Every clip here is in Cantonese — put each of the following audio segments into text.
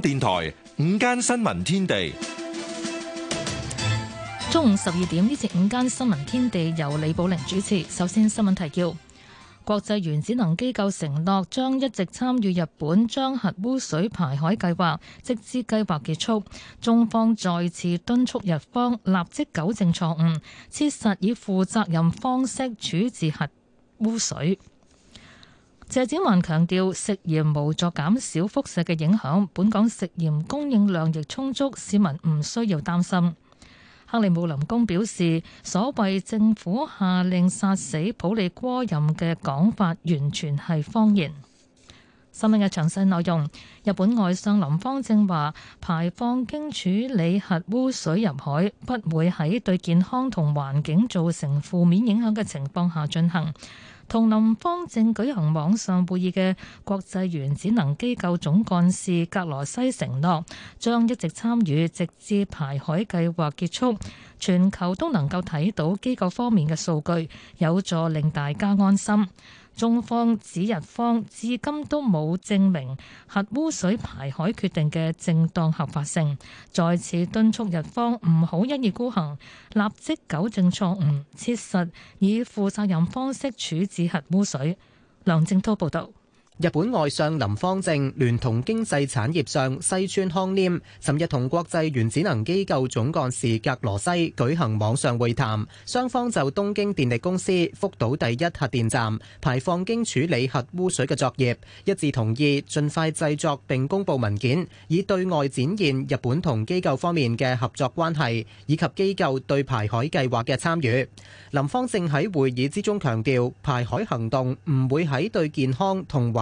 電台午間新聞天地，中午十二點呢次午間新聞天地由李寶玲主持。首先新聞提要：國際原子能機構承諾將一直參與日本將核污水排海計劃，直至計劃結束。中方再次敦促日方立即糾正錯誤，切實以負責任方式處置核污水。謝展寰強調，食鹽無助減少輻射嘅影響，本港食鹽供應量亦充足，市民唔需要擔心。克里姆林宮表示，所謂政府下令殺死普里戈任嘅講法，完全係謊言。新聞嘅詳細內容，日本外相林芳正話，排放經處理核污水入海，不會喺對健康同環境造成負面影響嘅情況下進行。同林方正舉行網上會議嘅國際原子能機構總幹事格羅西承諾，將一直參與，直至排海計劃結束，全球都能夠睇到機構方面嘅數據，有助令大家安心。中方指日方至今都冇證明核污水排海決定嘅正當合法性，再次敦促日方唔好一意孤行，立即糾正錯誤，切實以負責任方式處置核污水。梁正濤報道。日本外相林方正聯同經濟產業相西村康稔尋日同國際原子能機構總幹事格羅西舉行網上會談，雙方就東京電力公司福島第一核電站排放經處理核污水嘅作業，一致同意盡快製作並公布文件，以對外展現日本同機構方面嘅合作關係，以及機構對排海計劃嘅參與。林方正喺會議之中強調，排海行動唔會喺對健康同環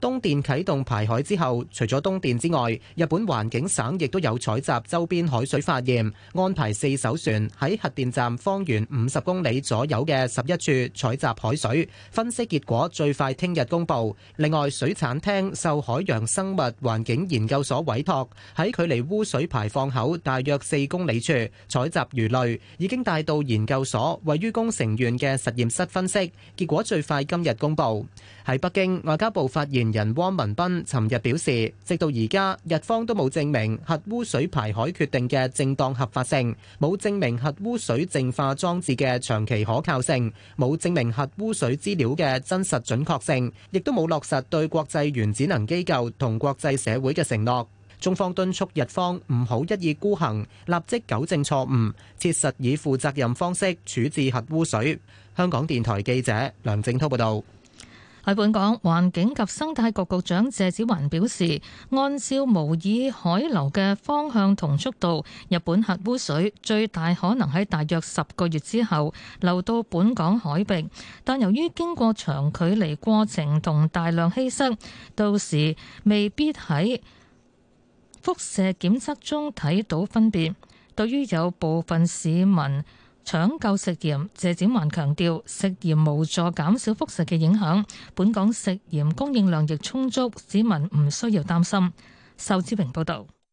東電啟動排海之後，除咗東電之外，日本環境省亦都有採集周邊海水化驗，安排四艘船喺核電站方圓五十公里左右嘅十一處採集海水，分析結果最快聽日公布。另外，水產廳受海洋生物環境研究所委託，喺距離污水排放口大約四公里處採集魚類，已經帶到研究所位於工程院嘅實驗室分析，結果最快今日公布。喺北京，外交部發言人汪文斌尋日表示，直到而家，日方都冇證明核污水排海決定嘅正當合法性，冇證明核污水淨化裝置嘅長期可靠性，冇證明核污水資料嘅真實準確性，亦都冇落實對國際原子能機構同國際社會嘅承諾。中方敦促日方唔好一意孤行，立即糾正錯誤，切實以負責任方式處置核污水。香港電台記者梁正濤報道。喺本港，環境及生態局局長謝子桓表示，按照模擬海流嘅方向同速度，日本核污水最大可能喺大約十個月之後流到本港海域。但由於經過長距離過程同大量稀釋，到時未必喺輻射檢測中睇到分別。對於有部分市民，搶救食鹽，謝展寰強調食鹽無助減少輻射嘅影響。本港食鹽供應量亦充足，市民唔需要擔心。仇志平報導。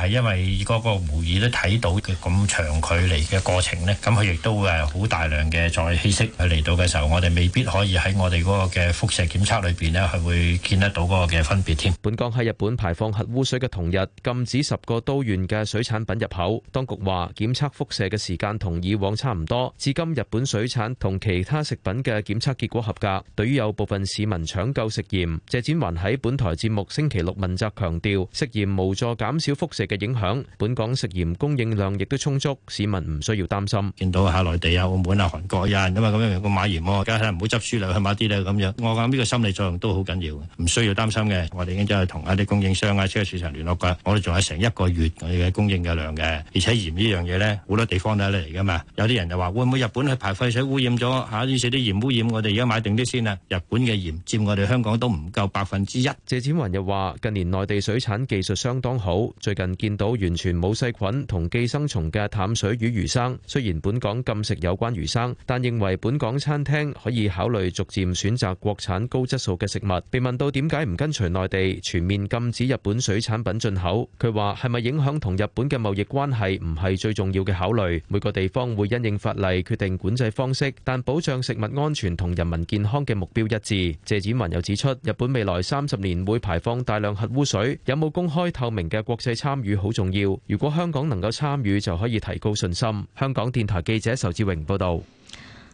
係因為嗰個無意都睇到嘅咁長距離嘅過程咧，咁佢亦都會好大量嘅再稀釋佢嚟到嘅時候，我哋未必可以喺我哋嗰個嘅輻射檢測裏邊咧係會見得到嗰個嘅分別㖈。本港喺日本排放核污水嘅同日禁止十個都縣嘅水產品入口，當局話檢測輻射嘅時間同以往差唔多，至今日本水產同其他食品嘅檢測結果合格。對於有部分市民搶購食鹽，謝展寰喺本台節目星期六問責強調，食鹽無助減少輻射。嘅影響，本港食鹽供應量亦都充足，市民唔需要擔心。見到吓，內地啊、澳門啊、韓國人因為咁樣個買鹽，梗係唔好執輸量去買啲咧咁樣。我諗呢個心理作用都好緊要，唔需要擔心嘅。我哋已經真係同一啲供應商啊、超級市場聯絡㗎。我哋仲有成一個月我哋嘅供應嘅量嘅，而且鹽呢樣嘢咧好多地方都係嚟㗎嘛。有啲人就話會唔會日本去排廢水污染咗吓，於是啲鹽污染我哋而家買定啲先啊。日本嘅鹽佔我哋香港都唔夠百分之一。謝展雲又話：近年內地水產技術相當好，最近。見到完全冇細菌同寄生蟲嘅淡水魚魚生，雖然本港禁食有關魚生，但認為本港餐廳可以考慮逐漸選擇國產高質素嘅食物。被問到點解唔跟隨內地全面禁止日本水產品進口，佢話係咪影響同日本嘅貿易關係唔係最重要嘅考慮。每個地方會因應法例決定管制方式，但保障食物安全同人民健康嘅目標一致。謝展文又指出，日本未來三十年會排放大量核污水，有冇公開透明嘅國際參與？好重要，如果香港能夠參與就可以提高信心。香港電台記者仇志榮報道。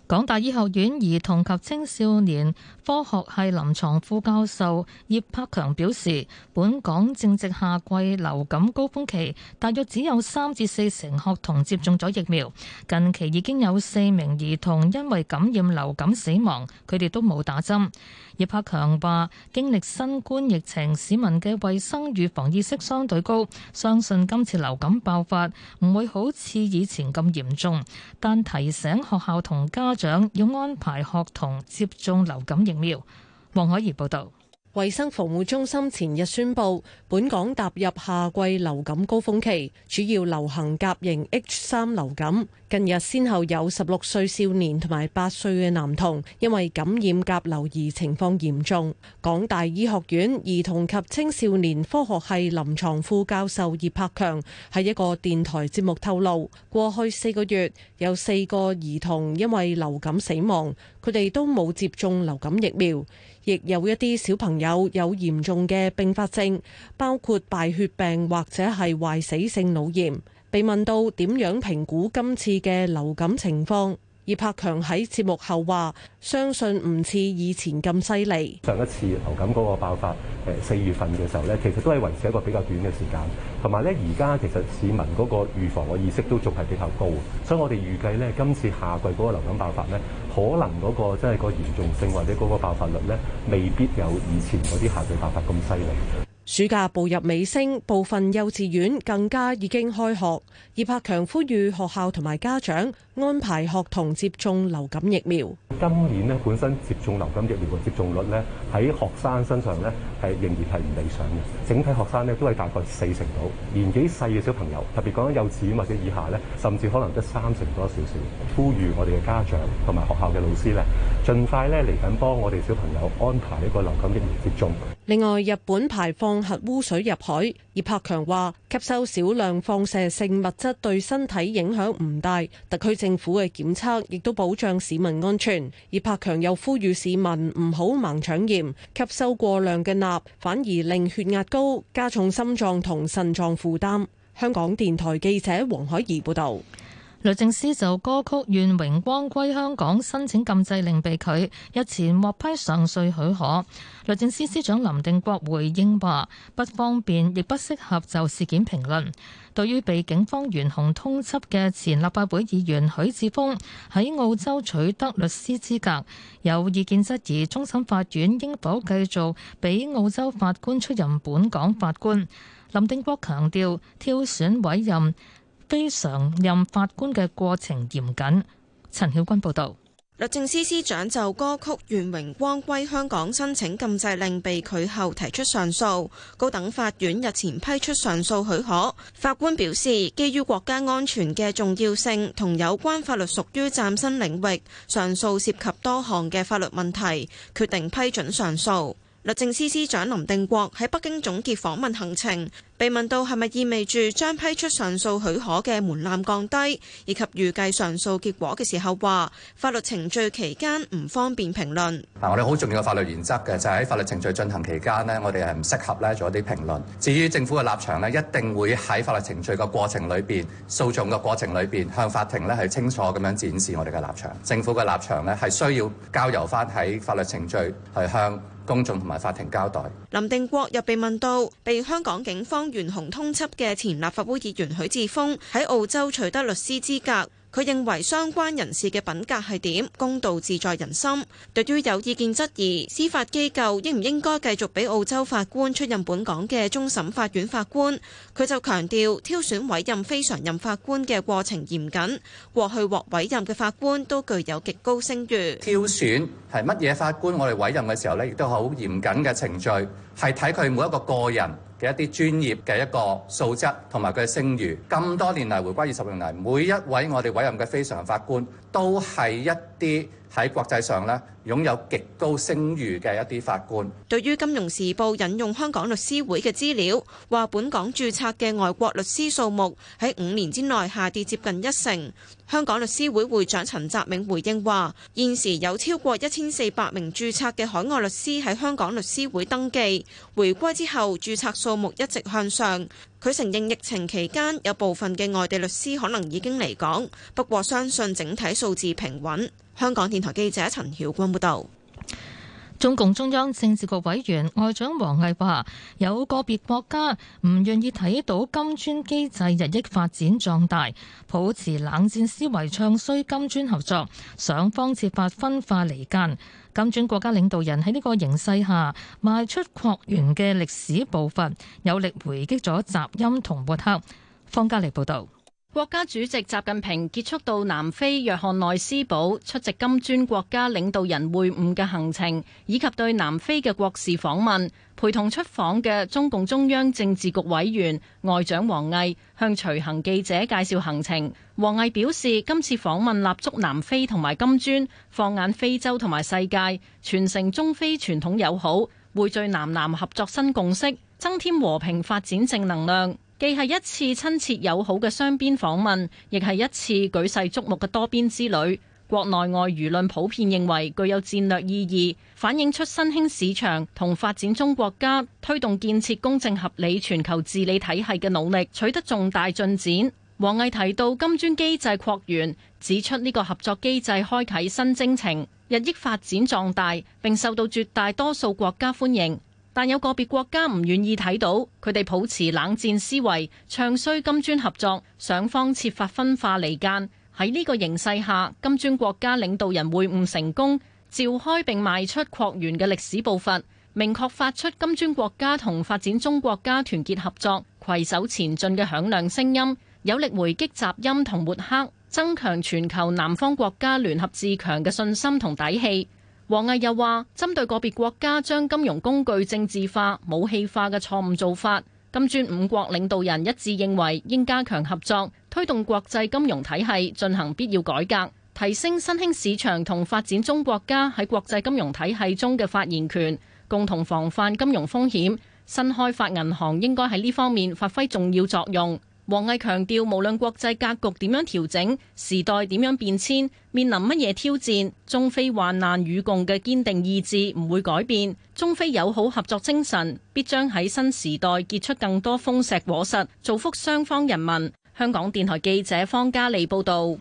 港大醫學院兒童及青少年科學系臨床副教授葉柏強表示，本港正值夏季流感高峰期，大約只有三至四成學童接種咗疫苗。近期已經有四名兒童因為感染流感死亡，佢哋都冇打針。葉柏強話：經歷新冠疫情，市民嘅衛生預防意識相對高，相信今次流感爆發唔會好似以前咁嚴重，但提醒學校同家長要安排學童接種流感疫苗。黃海怡報導。衛生服務中心前日宣佈，本港踏入夏季流感高峰期，主要流行甲型 H3 流感。近日先後有十六歲少年同埋八歲嘅男童因為感染甲流而情況嚴重。港大醫學院兒童及青少年科學系臨床副教授葉柏強喺一個電台節目透露，過去四個月有四個兒童因為流感死亡。佢哋都冇接種流感疫苗，亦有一啲小朋友有嚴重嘅併發症，包括敗血病或者係壞死性腦炎。被問到點樣評估今次嘅流感情況。葉柏強喺節目後話：相信唔似以前咁犀利。上一次流感嗰個爆發，誒、呃、四月份嘅時候咧，其實都係維持一個比較短嘅時間，同埋咧而家其實市民嗰個預防嘅意識都仲係比較高，所以我哋預計咧今次夏季嗰個流感爆發咧，可能嗰個真係個嚴重性或者嗰個爆發率咧，未必有以前嗰啲夏季爆發咁犀利。暑假步入尾聲，部分幼稚園更加已經開學。葉柏強呼籲學校同埋家長，安排學童接種流感疫苗。今年咧本身接種流感疫苗嘅接種率咧，喺學生身上咧係仍然係唔理想嘅。整體學生咧都係大概四成到，年紀細嘅小朋友，特別講緊幼稚園或者以下咧，甚至可能得三成多少少。呼籲我哋嘅家長同埋學校嘅老師咧，盡快咧嚟緊幫我哋小朋友安排一個流感疫苗接種。另外，日本排放核污水入海，葉柏強話吸收少量放射性物質對身體影響唔大。特區政府嘅檢測亦都保障市民安全，而柏強又呼籲市民唔好盲搶鹽，吸收過量嘅鈉反而令血壓高，加重心臟同腎臟負擔。香港電台記者黃海怡報導。律政司就歌曲《願榮光歸香港》申請禁制令被拒，日前獲批上訴許可。律政司司長林定國回應話：不方便亦不適合就事件評論。對於被警方懸紅通緝嘅前立法會議員許智峰喺澳洲取得律師資格，有意見質疑終審法院應否繼續俾澳洲法官出任本港法官。林定國強調，挑選委任非常任法官嘅過程嚴謹。陳曉君報導。律政司司長就歌曲《願榮光歸香港》申請禁制令被拒後提出上訴，高等法院日前批出上訴許可。法官表示，基於國家安全嘅重要性同有關法律屬於嶄新領域，上訴涉及多項嘅法律問題，決定批准上訴。律政司司長林定國喺北京總結訪問行程，被問到係咪意味住將批出上訴許可嘅門檻降低，以及預計上訴結果嘅時候，話法律程序期間唔方便評論。嗱，我哋好重要嘅法律原則嘅就係喺法律程序進行期間呢，我哋係唔適合咧做一啲評論。至於政府嘅立場呢，一定會喺法律程序嘅過程裏邊，訴訟嘅過程裏邊向法庭呢係清楚咁樣展示我哋嘅立場。政府嘅立場呢係需要交由翻喺法律程序去向。公眾同埋法庭交代。林定國又被問到，被香港警方懸紅通緝嘅前立法會議員許智峰喺澳洲取得律師資格。佢認為相關人士嘅品格係點？公道自在人心。對於有意見質疑司法機構應唔應該繼續俾澳洲法官出任本港嘅終審法院法官，佢就強調挑選委任非常任法官嘅過程嚴謹，過去獲委任嘅法官都具有極高聲譽。挑選係乜嘢法官？我哋委任嘅時候呢，亦都好嚴謹嘅程序，係睇佢每一個個人嘅一啲專業嘅一個素質同埋佢嘅聲譽，咁多年嚟回歸二十年嚟，每一位我哋委任嘅非常法官都係一啲。喺國際上咧，擁有極高聲譽嘅一啲法官。對於《金融時報》引用香港律師會嘅資料，話本港註冊嘅外國律師數目喺五年之內下跌接近一成。香港律師會會長陳澤銘回應話：現時有超過一千四百名註冊嘅海外律師喺香港律師會登記。回歸之後，註冊數目一直向上。佢承認疫情期間有部分嘅外地律師可能已經離港，不過相信整體數字平穩。香港電台記者陳曉君報道。中共中央政治局委員外長王毅話，有個別國家唔願意睇到金磚機制日益發展壯大，抱持冷戰思維，唱衰金磚合作，想方設法分化離間。金磚國家領導人喺呢個形勢下邁出擴員嘅歷史步伐，有力回擊咗雜音同抹黑。方家麗報道。國家主席習近平結束到南非約翰內斯堡出席金磚國家領導人會晤嘅行程，以及對南非嘅國事訪問。陪同出訪嘅中共中央政治局委員外長王毅向隨行記者介紹行程。王毅表示，今次訪問立足南非同埋金磚，放眼非洲同埋世界，傳承中非傳統友好，匯聚南南合作新共識，增添和平發展正能量。既係一次親切友好嘅雙邊訪問，亦係一次舉世矚目嘅多邊之旅。國內外輿論普遍認為具有戰略意義，反映出新興市場同發展中國家推動建設公正合理全球治理體系嘅努力取得重大進展。王毅提到金磚機制擴員，指出呢個合作機制開啟新征程，日益發展壯大，並受到絕大多數國家歡迎。但有個別國家唔願意睇到，佢哋抱持冷戰思維，唱衰金磚合作，想方設法分化離間，喺呢個形勢下，金磚國家領導人會晤成功，召開並邁出擴員嘅歷史步伐，明確發出金磚國家同發展中國家團結合作、攜手前進嘅響亮聲音，有力回擊雜音同抹黑，增強全球南方國家聯合自強嘅信心同底氣。王毅又話：針對個別國家將金融工具政治化、武器化嘅錯誤做法，金磚五國領導人一致認為應加強合作，推動國際金融體系進行必要改革，提升新興市場同發展中國家喺國際金融體系中嘅發言權，共同防範金融風險。新開發銀行應該喺呢方面發揮重要作用。王毅強調，無論國際格局點樣調整，時代點樣變遷，面臨乜嘢挑戰，中非患難與共嘅堅定意志唔會改變，中非友好合作精神必將喺新時代結出更多豐碩果實，造福雙方人民。香港電台記者方嘉莉報導。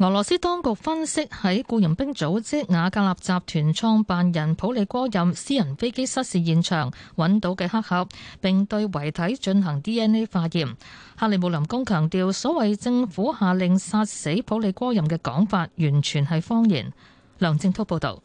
俄羅斯當局分析喺僱傭兵組織瓦格納集團創辦人普利戈任私人飛機失事現場揾到嘅黑盒，並對遺體進行 DNA 化驗。克里姆林宮強調，所謂政府下令殺死普利戈任嘅講法，完全係謊言。梁正滔報導。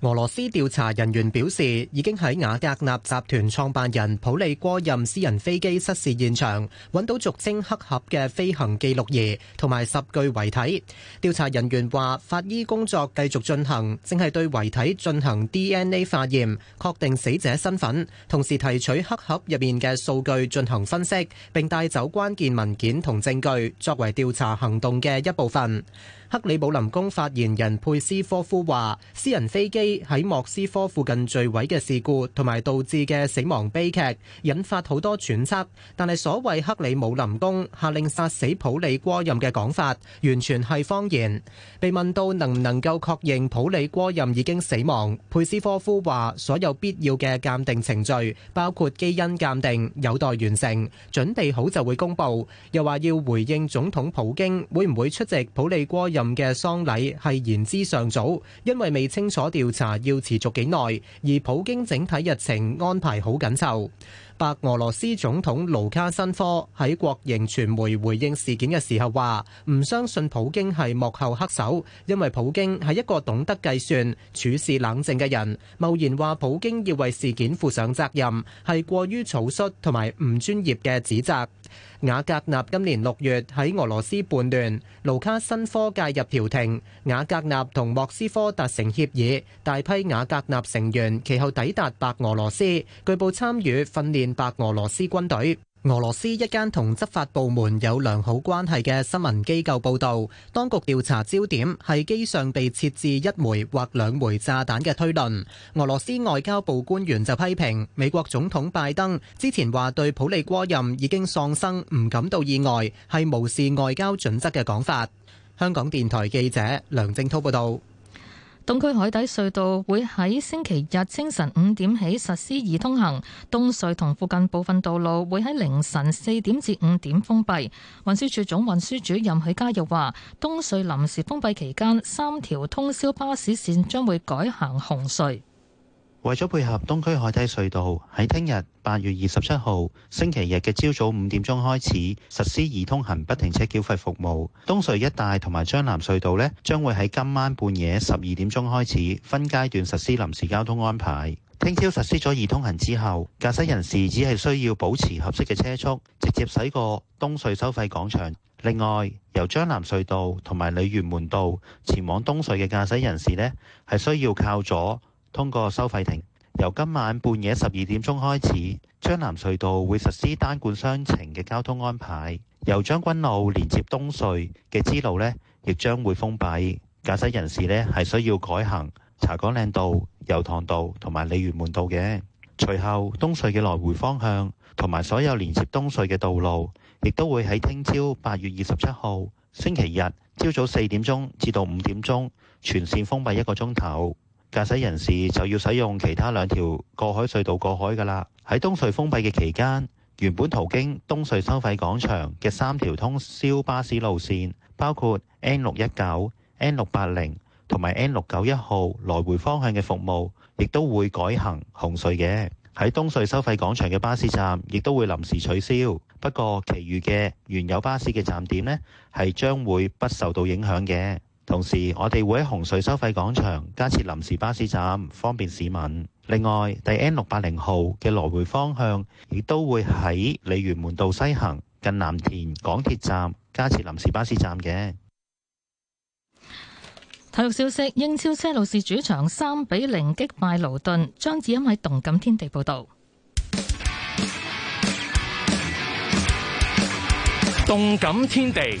俄羅斯調查人員表示，已經喺瓦格納集團創辦人普利戈任私人飛機失事現場揾到俗稱黑盒嘅飛行記錄儀同埋十具遺體。調查人員話，法醫工作繼續進行，正係對遺體進行 DNA 化驗，確定死者身份，同時提取黑盒入面嘅數據進行分析，並帶走關鍵文件同證據作為調查行動嘅一部分。克里姆林宮發言人佩斯科夫話：私人飛機喺莫斯科附近墜毀嘅事故同埋導致嘅死亡悲劇，引發好多揣測。但係所謂克里姆林宮下令殺死普里戈任嘅講法，完全係謊言。被問到能唔能夠確認普里戈任已經死亡，佩斯科夫話：所有必要嘅鑑定程序，包括基因鑑定，有待完成，準備好就會公布。又話要回應總統普京會唔會出席普里戈任任嘅喪禮係言之尚早，因為未清楚調查要持續幾耐，而普京整體日程安排好緊湊。白俄羅斯總統盧卡申科喺國營傳媒回應事件嘅時候話：唔相信普京係幕後黑手，因為普京係一個懂得計算、處事冷靜嘅人。貿然話普京要為事件負上責任，係過於草率同埋唔專業嘅指責。雅格納今年六月喺俄羅斯叛亂，盧卡申科介入調停，雅格納同莫斯科達成協議，大批雅格納成員其後抵達白俄羅斯，據報參與訓練白俄羅斯軍隊。俄羅斯一間同執法部門有良好關係嘅新聞機構報導，當局調查焦點係機上被設置一枚或兩枚炸彈嘅推論。俄羅斯外交部官員就批評美國總統拜登之前話對普利戈任已經喪生唔感到意外，係無視外交準則嘅講法。香港電台記者梁正滔報道。東區海底隧道會喺星期日清晨五點起實施易通行，東隧同附近部分道路會喺凌晨四點至五點封閉。運輸處總運輸主任許嘉佑話，東隧臨時封閉期間，三條通宵巴士線將會改行紅隧。為咗配合東區海底隧道喺聽日八月二十七號星期日嘅朝早五點鐘開始實施易通行不停車繳費服務，東隧一帶同埋將藍隧道呢，將會喺今晚半夜十二點鐘開始分階段實施臨時交通安排。聽朝實施咗易通行之後，駕駛人士只係需要保持合適嘅車速，直接駛過東隧收費廣場。另外，由將藍隧道同埋鯉魚門道前往東隧嘅駕駛人士呢，係需要靠左。通過收費亭，由今晚半夜十二點鐘開始，將南隧道會實施單管雙程嘅交通安排。由將軍路連接東隧嘅支路呢，亦將會封閉。駕駛人士呢，係需要改行茶果嶺道、油塘道同埋鯉魚門道嘅。隨後，東隧嘅來回方向同埋所有連接東隧嘅道路，亦都會喺聽朝八月二十七號星期日朝早四點鐘至到五點鐘，全線封閉一個鐘頭。駕駛人士就要使用其他兩條過海隧道過海㗎啦。喺東隧封閉嘅期間，原本途經東隧收費廣場嘅三條通宵巴士路線，包括 N 六一九、N 六八零同埋 N 六九一號來回方向嘅服務，亦都會改行紅隧嘅。喺東隧收費廣場嘅巴士站，亦都會臨時取消。不過，其餘嘅原有巴士嘅站點呢，係將會不受到影響嘅。同時，我哋會喺洪水收費廣場加設臨時巴士站，方便市民。另外，第 N 六八零號嘅來回方向亦都會喺鯉魚門道西行近藍田港鐵站加設臨時巴士站嘅。體育消息：英超車路士主場三比零擊敗勞頓。張子欣喺動感天地報道。動感天地。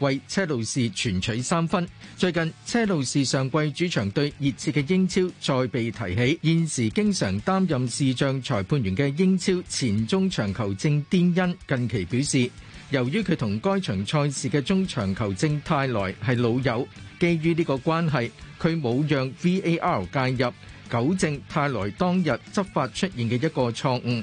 為車路士全取三分。最近車路士上季主場對熱刺嘅英超再被提起。現時經常擔任視像裁判員嘅英超前中場球證甸恩，近期表示，由於佢同該場賽事嘅中場球證泰來係老友，基於呢個關係，佢冇讓 VAR 介入糾正泰來當日執法出現嘅一個錯誤。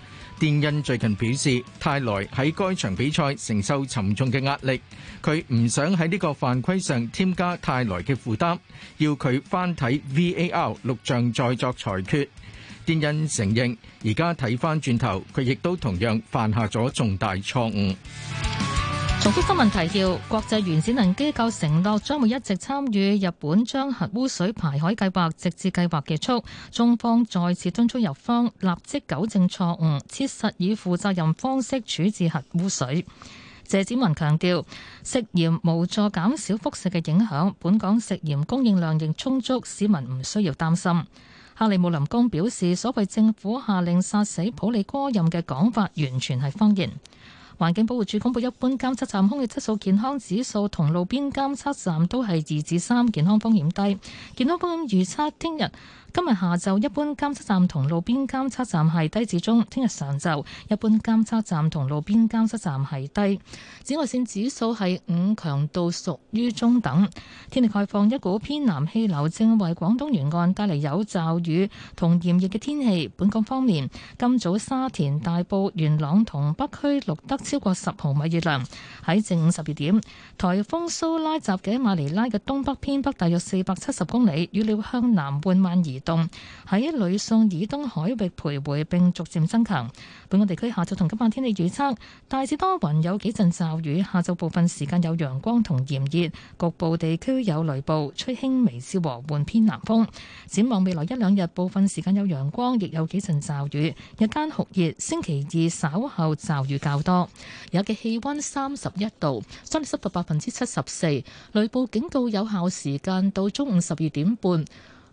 電恩最近表示，泰萊喺該場比賽承受沉重嘅壓力，佢唔想喺呢個犯規上添加泰萊嘅負擔，要佢翻睇 VAR 錄像再作裁決。電恩承認，而家睇翻轉頭，佢亦都同樣犯下咗重大錯誤。重複新聞提要：國際原子能機構承諾將會一直參與日本將核污水排海計劃，直至計劃結束。中方再次敦促日方立即糾正錯誤，切實以負責任方式處置核污水。謝展文強調，食鹽無助減少輻射嘅影響，本港食鹽供應量仍充足，市民唔需要擔心。克里姆林宮表示，所謂政府下令殺死普里戈任嘅講法，完全係謊言。環境保護署公布一般監測站空氣質素健康指數同路邊監測站都係二至三，健康風險低。健康風險預測，聽日今日下晝一般監測站同路邊監測站係低至中，聽日上晝一般監測站同路邊監測站係低。紫外線指數係五，強度屬於中等。天氣概況：一股偏南氣流正為廣東沿岸帶嚟有驟雨同炎熱嘅天氣。本港方面，今早沙田、大埔、元朗同北區錄得。超過十毫米雨量。喺正午十二點，颱風蘇拉集結馬尼拉嘅東北偏北，大約四百七十公里，預料向南緩慢移動，喺呂宋以東海域徘徊並逐漸增強。本港地區下晝同今晚天氣預測，大致多雲，有幾陣驟雨。下晝部分時間有陽光同炎熱，局部地區有雷暴，吹輕微至和緩偏南風。展望未來一兩日，部分時間有陽光，亦有幾陣驟雨。日間酷熱，星期二稍後驟雨較多。有嘅氣溫三十一度，相對濕度百分之七十四，雷暴警告有效時間到中午十二點半，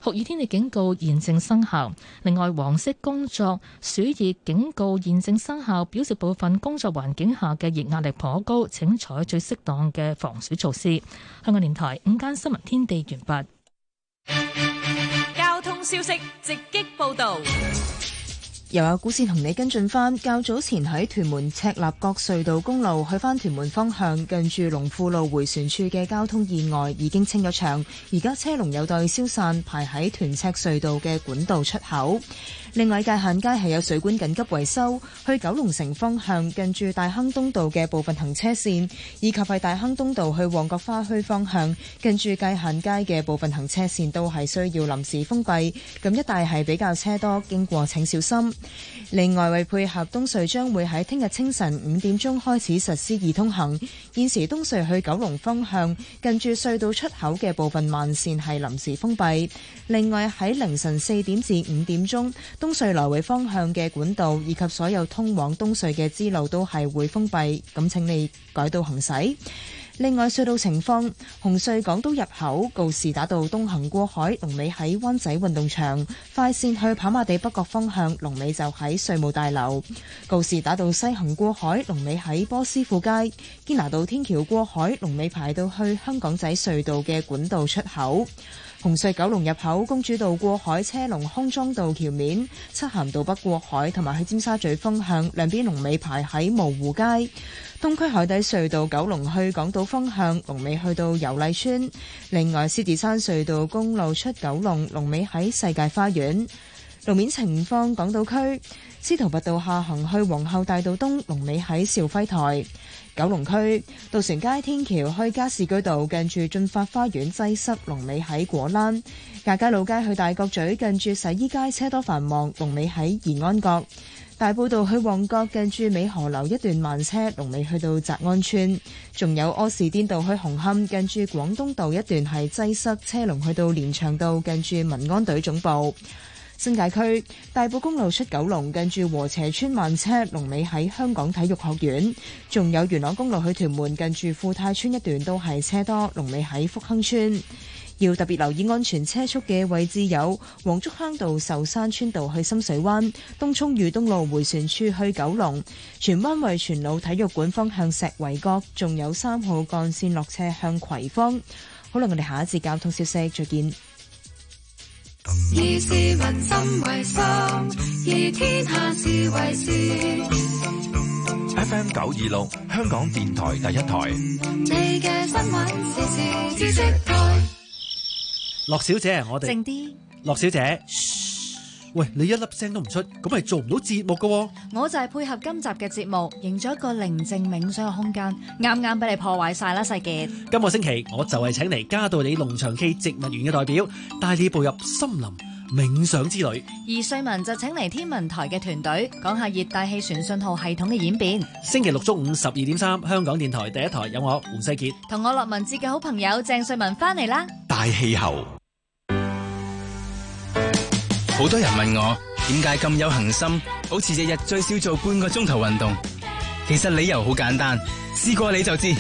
酷熱天氣警告現正生效。另外，黃色工作暑熱警告現正生效，表示部分工作環境下嘅熱壓力頗高，請採取最適當嘅防暑措施。香港電台午間新聞天地完畢。交通消息直擊報道。又有股市同你跟進返。較早前喺屯門赤鱲角隧道公路去返屯門方向，近住龍富路回旋處嘅交通意外已經清咗場，而家車龍有待消散，排喺屯赤隧道嘅管道出口。另外，界限街係有水管緊急維修，去九龍城方向近住大坑東道嘅部分行車線，以及喺大坑東道去旺角花墟方向近住界限街嘅部分行車線都係需要臨時封閉。咁一帶係比較車多，經過請小心。另外為配合東隧將會喺聽日清晨五點鐘開始實施易通行，現時東隧去九龍方向近住隧道出口嘅部分慢線係臨時封閉。另外喺凌晨四點至五點鐘，東隧來回方向嘅管道以及所有通往東隧嘅支路都係會封閉，咁請你改道行駛。另外隧道情況，紅隧港島入口告士打道東行過海龍尾喺灣仔運動場，快線去跑馬地北角方向龍尾就喺稅務大樓，告士打道西行過海龍尾喺波斯富街，堅拿道天橋過海龍尾排到去香港仔隧道嘅管道出口。紅隧九龍入口公主道過海車龍，康莊道橋面、漆咸道北過海同埋去尖沙咀方向，兩邊龍尾排喺蕪湖街。東區海底隧道九龍去港島方向，龍尾去到油麗邨。另外，獅子山隧道公路出九龍，龍尾喺世界花園。路面情況，港島區司徒拔道下行去皇后大道東，龍尾喺肇輝台；九龍區渡船街天橋去加士居道，近住駿發花園擠塞，龍尾喺果欄；亞皆老街去大角咀，近住洗衣街，車多繁忙，龍尾喺延安角，大埔道去旺角，近住美荷樓一段慢車，龍尾去到澤安村；仲有柯士甸道去紅磡，近住廣東道一段係擠塞車龍，去到連翔道近住民安隊總部。新界區大埔公路出九龍，近住禾輋村慢車，龍尾喺香港體育學院；仲有元朗公路去屯門，近住富泰村一段都係車多，龍尾喺福亨村。要特別留意安全車速嘅位置有黃竹坑道、壽山村道去深水灣、東涌裕東路迴旋處去九龍、荃灣惠荃路體育館方向石圍角，仲有三號幹線落車向葵芳。好啦，我哋下一節交通消息再見。以市民心為心，以天下事為事。 FM 九二六，香港電台第一台。 你嘅新聞時事知識台。樂 小姐，我哋靜啲。樂點 小姐。喂，你一粒聲都唔出，咁咪做唔到節目噶？我就係配合今集嘅節目，營造一個寧靜冥想嘅空間，啱啱俾你破壞晒啦，世杰。今個星期我就係請嚟嘉道理農場暨植物園嘅代表，帶你步入森林冥想之旅。而瑞文就請嚟天文台嘅團隊，講下熱帶氣旋信號系統嘅演變。星期六中午十二點三，香港電台第一台有我胡世杰，同我落文字嘅好朋友鄭瑞文翻嚟啦。大氣候。好多人問我點解咁有恒心，好似日日最少做半個鐘頭運動。其實理由好簡單，試過你就知。